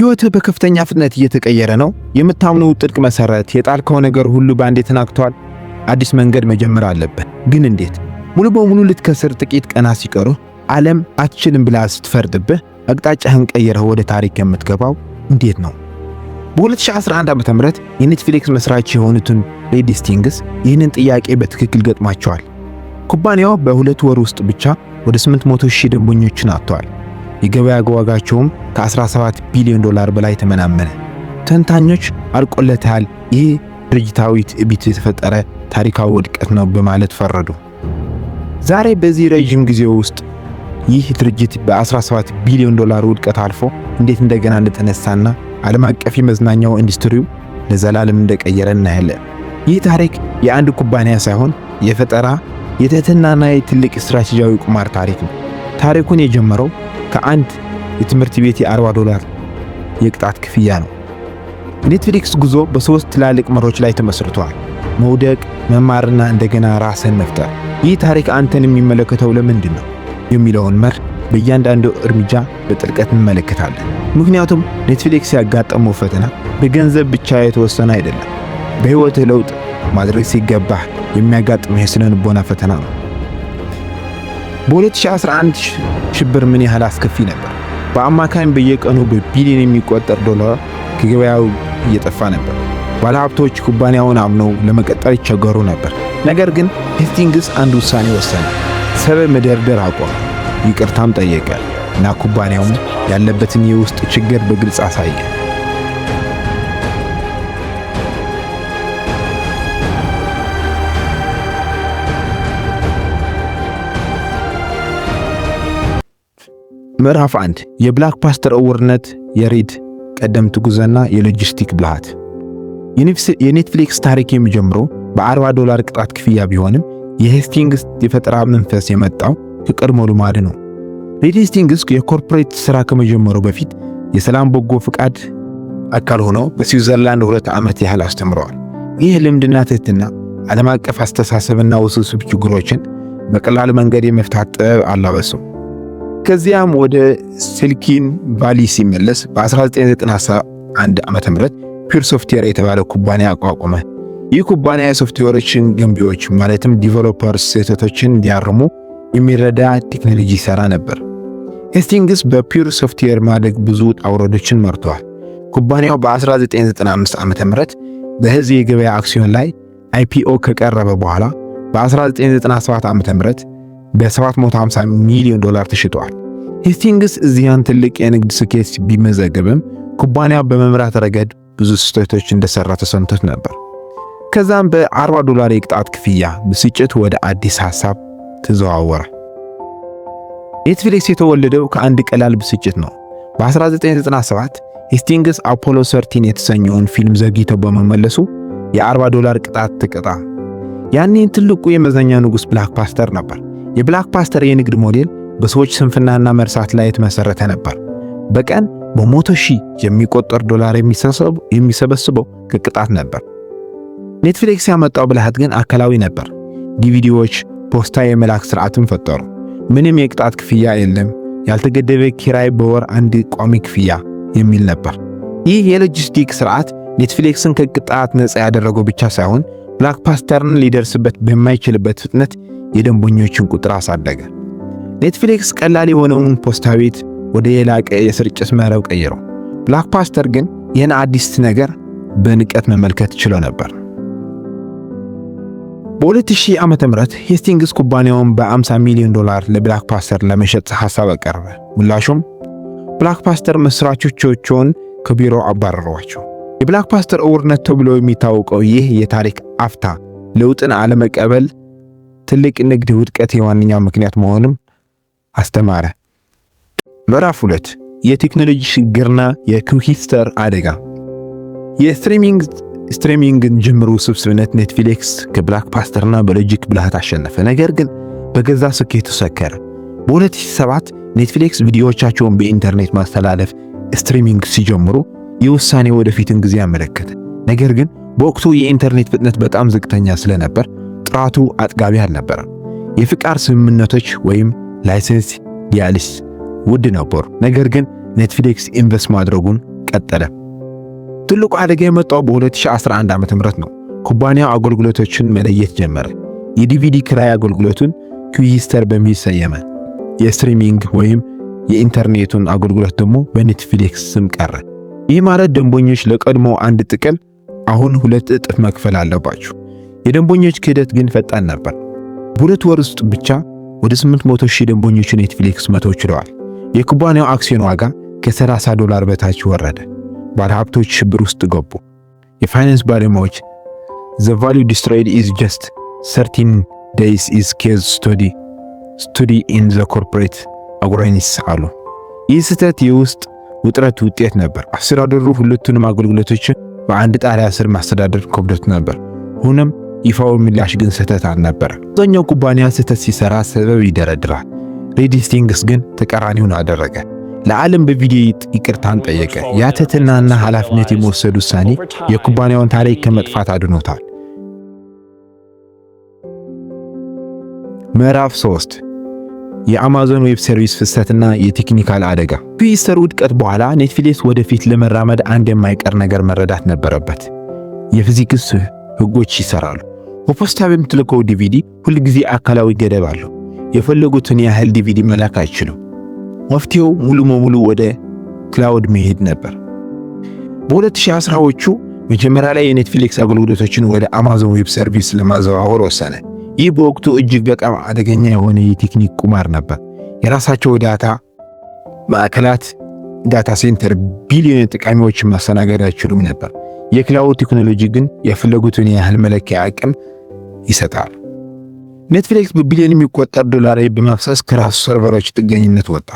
ህይወት በከፍተኛ ፍጥነት እየተቀየረ ነው። የምታምነው ጥልቅ መሰረት፣ የጣልከው ነገር ሁሉ ባንዴ ተናግቷል። አዲስ መንገድ መጀመር አለብን። ግን እንዴት? ሙሉ በሙሉ ልትከስር ጥቂት ቀናት ሲቀሩ ዓለም አትችልም ብላ ስትፈርድብህ አቅጣጫህን ቀይረህ ወደ ታሪክ የምትገባው እንዴት ነው? በ2011 ዓ.ም የኔትፍሊክስ መስራች የሆኑትን ሬድ ይህንን ጥያቄ በትክክል ገጥሟቸዋል። ኩባንያው በሁለት ወር ውስጥ ብቻ ወደ 800 ሺህ ደንበኞችን አጥቷል። የገበያ ዋጋቸውም ከ17 ቢሊዮን ዶላር በላይ ተመናመነ። ተንታኞች አልቆለታል፣ ይህ ድርጅታዊ ትዕቢት የተፈጠረ ታሪካዊ ውድቀት ነው በማለት ፈረዱ። ዛሬ በዚህ ረዥም ጊዜ ውስጥ ይህ ድርጅት በ17 ቢሊዮን ዶላር ውድቀት አልፎ እንዴት እንደገና እንደተነሳና ዓለም አቀፍ የመዝናኛው ኢንዱስትሪው ለዘላለም እንደቀየረ እናያለን። ይህ ታሪክ የአንድ ኩባንያ ሳይሆን የፈጠራ የትህትናና የትልቅ ስትራቴጂያዊ ቁማር ታሪክ ነው። ታሪኩን የጀመረው ከአንድ የትምህርት ቤት የ40 ዶላር የቅጣት ክፍያ ነው። ኔትፍሊክስ ጉዞ በሶስት ትላልቅ መሮች ላይ ተመስርቷል። መውደቅ፣ መማርና እንደገና ራስን መፍጠር። ይህ ታሪክ አንተን የሚመለከተው ለምንድን ነው የሚለውን መር በእያንዳንዱ እርምጃ በጥልቀት እንመለከታለን። ምክንያቱም ኔትፍሊክስ ያጋጠመው ፈተና በገንዘብ ብቻ የተወሰነ አይደለም። በሕይወትህ ለውጥ ማድረግ ሲገባህ የሚያጋጥምህ የስነ ልቦና ፈተና ነው። በ2011 ሽብር ምን ያህል አስከፊ ነበር? በአማካኝ በየቀኑ በቢሊዮን የሚቆጠር ዶላር ከገበያው እየጠፋ ነበር። ባለሀብቶች ኩባንያውን አምነው ለመቀጠል ይቸገሩ ነበር። ነገር ግን ሄስቲንግስ አንድ ውሳኔ ወሰነ። ሰበብ መደርደር አቆመ፣ ይቅርታም ጠየቀ እና ኩባንያውም ያለበትን የውስጥ ችግር በግልጽ አሳየ። ምዕራፍ 1 የብላክ ፓስተር ዕውርነት፣ የሬድ ቀደምት ጉዞና የሎጂስቲክ ብልሃት። የኔትፍሊክስ ታሪክ የሚጀምረው በ40 ዶላር ቅጣት ክፍያ ቢሆንም የሄስቲንግስ የፈጠራ መንፈስ የመጣው ከቀድሞ ልማድ ነው። ሬድ ሄስቲንግስ የኮርፖሬት ሥራ ከመጀመሩ በፊት የሰላም በጎ ፍቃድ አካል ሆኖ በስዊዘርላንድ ሁለት ዓመት ያህል አስተምረዋል። ይህ ልምድና ትህትና ዓለም አቀፍ አስተሳሰብና ውስብስብ ችግሮችን በቀላል መንገድ የመፍታት ጥበብ አላበሰው። ከዚያም ወደ ስልኪን ባሊ ሲመለስ በ1991 ዓ ም ፒር ሶፍትዌር የተባለ ኩባንያ አቋቋመ። ይህ ኩባንያ የሶፍትዌሮችን ገንቢዎች ማለትም ዲቨሎፐርስ ስህተቶችን እንዲያርሙ የሚረዳ ቴክኖሎጂ ይሰራ ነበር። ሄስቲንግስ በፒር ሶፍትዌር ማደግ ብዙ ጣውረዶችን መርተዋል። ኩባንያው በ1995 ዓ ም በህዝብ የገበያ አክሲዮን ላይ አይፒኦ ከቀረበ በኋላ በ1997 ዓ ም በ750 ሚሊዮን ዶላር ተሽጧል። ሄስቲንግስ እዚያን ትልቅ የንግድ ስኬት ቢመዘገብም ኩባንያ በመምራት ረገድ ብዙ ስህተቶች እንደሰራ ተሰምቶት ነበር። ከዛም በ40 ዶላር የቅጣት ክፍያ ብስጭት ወደ አዲስ ሐሳብ ተዘዋወረ። ኔትፍሊክስ የተወለደው ከአንድ ቀላል ብስጭት ነው። በ1997 ሄስቲንግስ አፖሎ ሰርቲን የተሰኘውን ፊልም ዘግይቶ በመመለሱ የ40 ዶላር ቅጣት ተቀጣ። ያኔ ትልቁ የመዝናኛ ንጉሥ ብላክባስተር ነበር። የብላክ ፓስተር የንግድ ሞዴል በሰዎች ስንፍናና መርሳት ላይ የተመሰረተ ነበር። በቀን በመቶ ሺህ የሚቆጠር ዶላር የሚሰበስበው ከቅጣት ነበር። ኔትፍሊክስ ያመጣው ብልሃት ግን አካላዊ ነበር። ዲቪዲዎች ፖስታ የመላክ ስርዓትን ፈጠሩ። ምንም የቅጣት ክፍያ የለም፣ ያልተገደበ ኪራይ፣ በወር አንድ ቋሚ ክፍያ የሚል ነበር። ይህ የሎጂስቲክ ስርዓት ኔትፍሊክስን ከቅጣት ነፃ ያደረገው ብቻ ሳይሆን ብላክ ፓስተርን ሊደርስበት በማይችልበት ፍጥነት የደንበኞችን ቁጥር አሳደገ። ኔትፍሊክስ ቀላል የሆነውን ፖስታ ቤት ወደ የላቀ የስርጭት መረብ ቀየረው። ፓስተር ግን ይህን አዲስ ነገር በንቀት መመልከት ችሎ ነበር። በ2000 ዓመተ ምህረት ሄስቲንግስ ኩባንያውን በ50 ሚሊዮን ዶላር ፓስተር ለመሸጥ ሐሳብ አቀረበ። ምላሹም ፓስተር መስራቾቻቸውን ከቢሮ አባረሯቸው። ፓስተር እውርነት ተብሎ የሚታወቀው ይህ የታሪክ አፍታ ለውጥን አለመቀበል ትልቅ ንግድ ውድቀት የዋነኛው ምክንያት መሆንም አስተማረ። ምዕራፍ 2 የቴክኖሎጂ ሽግግርና የኩሂስተር አደጋ የስትሪሚንግ ስትሪሚንግን ጅምሩ ውስብስብነት ኔትፍሊክስ ከብላክ ፓስተርና በሎጂክ ብልሃት አሸነፈ፣ ነገር ግን በገዛ ስኬቱ ሰከረ። በ2007 ኔትፍሊክስ ቪዲዮዎቻቸውን በኢንተርኔት ማስተላለፍ ስትሪሚንግ ሲጀምሩ የውሳኔ ወደፊትን ጊዜ አመለከተ። ነገር ግን በወቅቱ የኢንተርኔት ፍጥነት በጣም ዝቅተኛ ስለነበር ስርዓቱ አጥጋቢ አልነበረ። የፍቃድ ስምምነቶች ወይም ላይሰንስ ዲያልስ ውድ ነበሩ። ነገር ግን ኔትፍሊክስ ኢንቨስት ማድረጉን ቀጠለ። ትልቁ አደጋ የመጣው በ2011 ም ነው። ኩባንያው አገልግሎቶችን መለየት ጀመረ። የዲቪዲ ክራይ አገልግሎቱን ኩዊስተር በሚል ሰየመ። የስትሪሚንግ ወይም የኢንተርኔቱን አገልግሎት ደግሞ በኔትፍሊክስ ስም ቀረ። ይህ ማለት ደንበኞች ለቀድሞ አንድ ጥቅል አሁን ሁለት እጥፍ መክፈል አለባቸው። የደንበኞች ክህደት ግን ፈጣን ነበር። በሁለት ወር ውስጥ ብቻ ወደ 800 ሺህ ደንበኞች ኔትፍሊክስ መተው ችለዋል። የኩባንያው አክሲዮን ዋጋ ከ30 ዶላር በታች ወረደ። ባለሀብቶች ሽብር ውስጥ ገቡ። የፋይናንስ ባለሙያዎች ዘ ቫልዩ ዲስትሮይድ ኢዝ ጀስት ሰርቲን ዴይስ ኢዝ ኬዝ ስቱዲ ስቱዲ ኢን ዘ ኮርፖሬት አጉራኒስ አሉ። ይህ ስህተት የውስጥ ውጥረት ውጤት ነበር። አስተዳደሩ ሁለቱንም አገልግሎቶች በአንድ ጣሪያ ስር ማስተዳደር ክብደት ነበር። ሆኖም ይፋው ምላሽ ግን ስህተት አልነበረ። አብዛኛው ኩባንያ ስህተት ሲሰራ ሰበብ ይደረድራል። ሬድ ሄስቲንግስ ግን ተቃራኒውን አደረገ። ለዓለም በቪዲዮ ይቅርታን ጠየቀ። ያ ትሕትናና ኃላፊነት የመወሰድ ውሳኔ የኩባንያውን ታሪክ ከመጥፋት አድኖታል። ምዕራፍ 3 የአማዞን ዌብ ሰርቪስ ፍሰትና የቴክኒካል አደጋ። ከኢስተር ውድቀት በኋላ ኔትፍሊክስ ወደፊት ለመራመድ አንድ የማይቀር ነገር መረዳት ነበረበት፣ የፊዚክስ ህጎች ይሰራሉ። በፖስታ በምትልከው ዲቪዲ ሁልጊዜ አካላዊ ገደብ አለው። የፈለጉትን ያህል ዲቪዲ መላክ አይችሉም። መፍትሄው ሙሉ በሙሉ ወደ ክላውድ መሄድ ነበር። በ2010ዎቹ መጀመሪያ ላይ የኔትፍሊክስ አገልግሎቶችን ወደ አማዞን ዌብ ሰርቪስ ለማዘዋወር ወሰነ። ይህ በወቅቱ እጅግ በጣም አደገኛ የሆነ የቴክኒክ ቁማር ነበር። የራሳቸው ዳታ ማዕከላት ዳታ ሴንተር ቢሊዮን ጠቃሚዎችን ማስተናገድ አይችሉም ነበር። የክላውድ ቴክኖሎጂ ግን የፈለጉትን ያህል መለኪያ አቅም ይሰጣል። ኔትፍሊክስ በቢሊዮን የሚቆጠር ዶላር በማፍሰስ ከራሱ ሰርቨሮች ጥገኝነት ወጣ።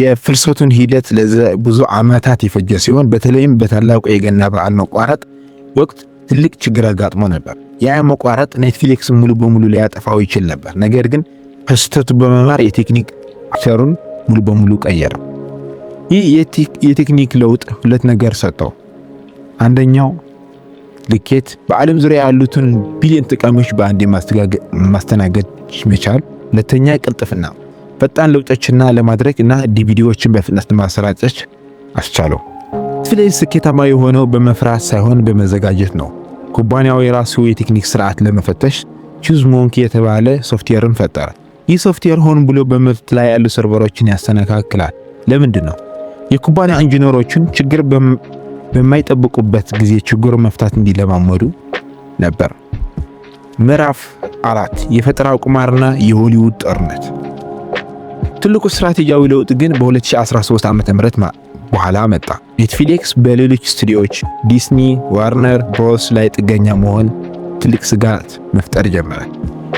የፍልሰቱን ሂደት ለብዙ ዓመታት የፈጀ ሲሆን በተለይም በታላቁ የገና በዓል መቋረጥ ወቅት ትልቅ ችግር አጋጥሞ ነበር። ያ መቋረጥ ኔትፍሊክስ ሙሉ በሙሉ ሊያጠፋው ይችል ነበር፣ ነገር ግን ከስህተቱ በመማር የቴክኒክ ሰሩን ሙሉ በሙሉ ቀየረ ይህ የቴክኒክ ለውጥ ሁለት ነገር ሰጠው። አንደኛው ልኬት በዓለም ዙሪያ ያሉትን ቢሊዮን ጠቃሚዎች በአንዴ ማስተናገድ መቻል። ሁለተኛ ቅልጥፍና፣ ፈጣን ለውጦችና ለማድረግ እና ዲቪዲዎችን በፍጥነት ማሰራጨት አስቻለው። ስለዚህ ስኬታማ የሆነው በመፍራት ሳይሆን በመዘጋጀት ነው። ኩባንያው የራሱ የቴክኒክ ስርዓት ለመፈተሽ ቹዝ ሞንክ የተባለ ሶፍትዌርን ፈጠረ። ይህ ሶፍትዌር ሆን ብሎ በመብት ላይ ያሉ ሰርቨሮችን ያስተነካክላል። ለምንድን ነው የኩባንያ ኢንጂነሮችን ችግር በማይጠብቁበት ጊዜ ችግሩ መፍታት እንዲለማመዱ ነበር። ምዕራፍ አራት የፈጠራ ቁማርና የሆሊውድ ጦርነት። ትልቁ ስትራቴጂያዊ ለውጥ ግን በ2013 ዓ.ም በኋላ መጣ። ኔትፍሊክስ በሌሎች ስቱዲዮዎች ዲስኒ፣ ዋርነር ብሮስ ላይ ጥገኛ መሆን ትልቅ ስጋት መፍጠር ጀመረ።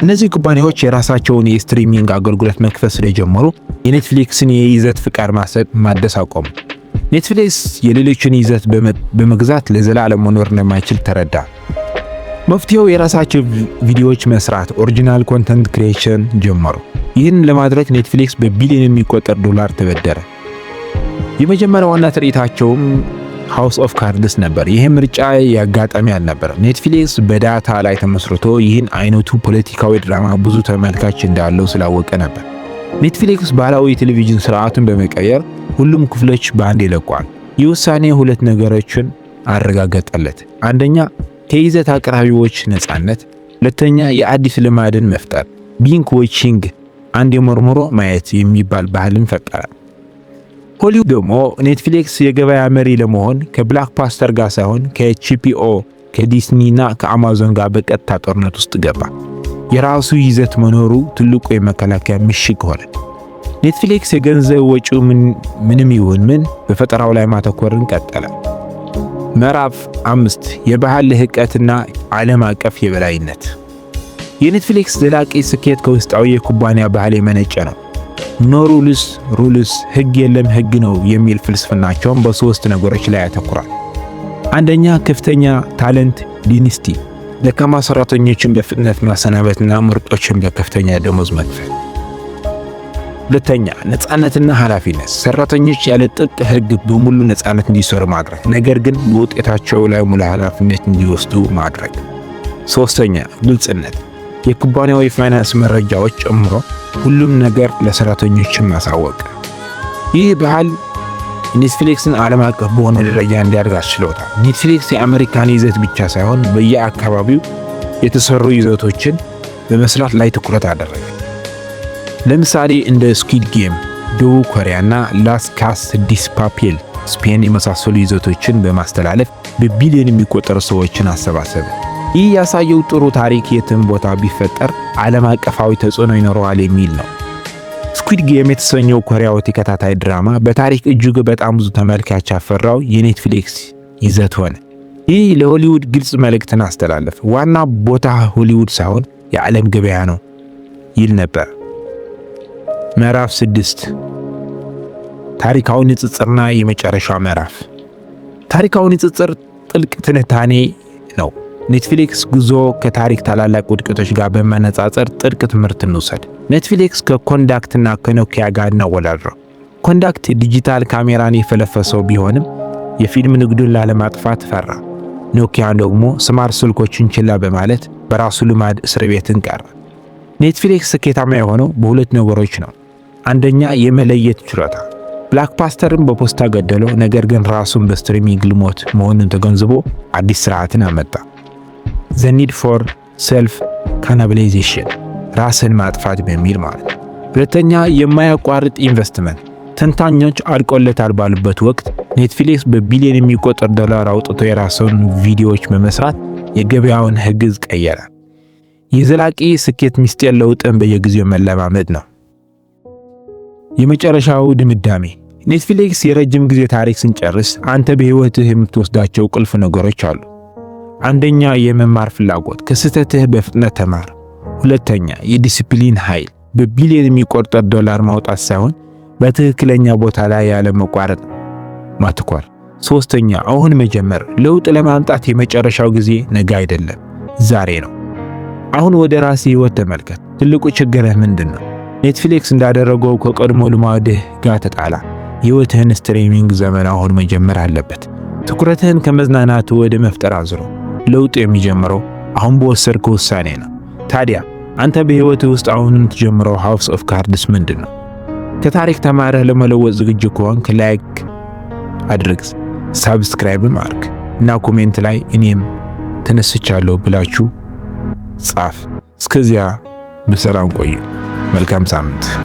እነዚህ ኩባንያዎች የራሳቸውን የስትሪሚንግ አገልግሎት መክፈት ስለጀመሩ የኔትፍሊክስን የይዘት ፍቃድ ማሰጥ ማደስ አቆሙ። ኔትፍሊክስ የሌሎችን ይዘት በመግዛት ለዘላለም መኖር እንደማይችል ተረዳ። መፍትሄው የራሳቸው ቪዲዮዎች መስራት፣ ኦሪጂናል ኮንተንት ክሪኤሽን ጀመሩ። ይህን ለማድረግ ኔትፍሊክስ በቢሊዮን የሚቆጠር ዶላር ተበደረ። የመጀመሪያ ዋና ትርኢታቸውም ሃውስ ኦፍ ካርድስ ነበር። ይህ ምርጫ የአጋጣሚ አልነበረም። ኔትፍሊክስ በዳታ ላይ ተመስርቶ ይህን አይነቱ ፖለቲካዊ ድራማ ብዙ ተመልካች እንዳለው ስላወቀ ነበር። ኔትፍሊክስ ባህላዊ የቴሌቪዥን ስርዓቱን በመቀየር ሁሉም ክፍሎች በአንድ ይለቋል። ይህ ውሳኔ ሁለት ነገሮችን አረጋገጠለት። አንደኛ ከይዘት አቅራቢዎች ነፃነት፣ ሁለተኛ የአዲስ ልማድን መፍጠር። ቢንክ ዎቺንግ አንድ የመርምሮ ማየት የሚባል ባህልን ፈጠረ። ሆሊውድ ደግሞ ኔትፍሊክስ የገበያ መሪ ለመሆን ፓስተር ጋር ሳይሆን ከቺፒኦ ከዲስኒና ከአማዞን ጋር በቀጥታ ጦርነት ውስጥ ገባ። የራሱ ይዘት መኖሩ ትልቁ የመከላከያ ምሽግ ሆነ። ኔትፍሊክስ የገንዘብ ወጪው ምንም ይሁን ምን በፈጠራው ላይ ማተኮርን ቀጠለ። ምዕራፍ አምስት የባህል ልህቀትና ዓለም አቀፍ የበላይነት። የኔትፍሊክስ ዘላቂ ስኬት ከውስጣዊ የኩባንያ ባህል የመነጨ ነው። ኖ ሩልስ ሩልስ ህግ የለም ህግ ነው የሚል ፍልስፍናቸውን በሶስት ነገሮች ላይ ያተኩራል። አንደኛ፣ ከፍተኛ ታለንት ዲኒስቲ፣ ደካማ ሰራተኞችን በፍጥነት ማሰናበትና ምርጦችን በከፍተኛ ደሞዝ መክፈል ሁለተኛ ነፃነትና ኃላፊነት፣ ሰራተኞች ያለ ጥብቅ ህግ በሙሉ ነፃነት እንዲሰሩ ማድረግ፣ ነገር ግን በውጤታቸው ላይ ሙሉ ኃላፊነት እንዲወስዱ ማድረግ። ሶስተኛ ግልጽነት፣ የኩባንያው የፋይናንስ መረጃዎች ጨምሮ ሁሉም ነገር ለሰራተኞች ማሳወቅ። ይህ ባህል ኔትፍሊክስን ዓለም አቀፍ በሆነ ደረጃ እንዲያድግ አስችሎታል። ኔትፍሊክስ የአሜሪካን ይዘት ብቻ ሳይሆን በየአካባቢው የተሰሩ ይዘቶችን በመስራት ላይ ትኩረት አደረገ። ለምሳሌ እንደ ስኩዊድ ጌም፣ ደቡብ ኮሪያና ላስ ካስዲስ ፓፔል ስፔን የመሳሰሉ ይዘቶችን በማስተላለፍ በቢሊዮን የሚቆጠሩ ሰዎችን አሰባሰበ። ይህ ያሳየው ጥሩ ታሪክ የትም ቦታ ቢፈጠር ዓለም አቀፋዊ ተጽዕኖ ይኖረዋል የሚል ነው። ስኩድ ጌም የተሰኘው ኮሪያዊ ተከታታይ ድራማ በታሪክ እጅግ በጣም ብዙ ተመልካች ያፈራው የኔትፍሊክስ ይዘት ሆነ። ይህ ለሆሊውድ ግልጽ መልእክትን አስተላለፈ። ዋና ቦታ ሆሊውድ ሳይሆን የዓለም ገበያ ነው ይል ነበር። ምዕራፍ ስድስት ታሪካዊ ንጽጽርና የመጨረሻ ምዕራፍ። ታሪካዊ ንጽጽር ጥልቅ ትንታኔ ነው። ኔትፍሊክስ ጉዞ ከታሪክ ታላላቅ ውድቀቶች ጋር በመነጻጸር ጥልቅ ትምህርት እንውሰድ። ኔትፍሊክስ ከኮንዳክትና ከኖኪያ ጋር እናወዳድረው። ኮንዳክት ዲጂታል ካሜራን የፈለፈሰው ቢሆንም የፊልም ንግዱን ላለማጥፋት ፈራ። ኖኪያ ደግሞ ስማርት ስልኮችን ችላ በማለት በራሱ ልማድ እስር ቤትን ቀረ። ኔትፍሊክስ ስኬታማ የሆነው በሁለት ነገሮች ነው። አንደኛ የመለየት ችሎታ። ብላክ ፓስተርን በፖስታ ገደለው፣ ነገር ግን ራሱን በስትሪሚንግ ልሞት መሆኑን ተገንዝቦ አዲስ ስርዓትን አመጣ። ዘ ኒድ ፎር ሰልፍ ካናብላይዜሽን ራስን ማጥፋት በሚል ማለት። ሁለተኛ የማያቋርጥ ኢንቨስትመንት። ተንታኞች አልቆለታል ባሉበት ወቅት ኔትፍሊክስ በቢሊዮን የሚቆጠር ዶላር አውጥቶ የራሱን ቪዲዮዎች በመስራት የገበያውን ህግዝ ቀየራል። የዘላቂ ስኬት ምስጢር ለውጥን በየጊዜው መለማመድ ነው። የመጨረሻው ድምዳሜ ኔትፍሊክስ የረጅም ጊዜ ታሪክ ስንጨርስ አንተ በህይወትህ የምትወስዳቸው ቁልፍ ነገሮች አሉ። አንደኛ፣ የመማር ፍላጎት፣ ከስህተትህ በፍጥነት ተማር። ሁለተኛ፣ የዲሲፕሊን ኃይል፣ በቢሊዮን የሚቆጠር ዶላር ማውጣት ሳይሆን በትክክለኛ ቦታ ላይ ያለ መቋረጥ ማትኮር። ሶስተኛ፣ አሁን መጀመር። ለውጥ ለማምጣት የመጨረሻው ጊዜ ነገ አይደለም፣ ዛሬ ነው። አሁን ወደ ራሴ ህይወት ተመልከት። ትልቁ ችግርህ ምንድን ነው? ኔትፍሊክስ እንዳደረገው ከቀድሞ ልማድህ ጋር ተጣላ። ህይወትህን ስትሪሚንግ ዘመን አሁን መጀመር አለበት። ትኩረትህን ከመዝናናት ወደ መፍጠር አዝሮ ለውጥ የሚጀምረው አሁን በወሰድከው ውሳኔ ነው። ታዲያ አንተ በህይወትህ ውስጥ አሁን የምትጀምረው ሃውስ ኦፍ ካርድስ ምንድን ነው? ከታሪክ ተማረህ ለመለወጥ ዝግጁ ከሆንክ ላይክ አድርግ፣ ሳብስክራይብ ማርክ እና ኮሜንት ላይ እኔም ተነስቻለሁ ብላችሁ ጻፍ። እስከዚያ በሰላም ቆዩ። መልካም ሳምንት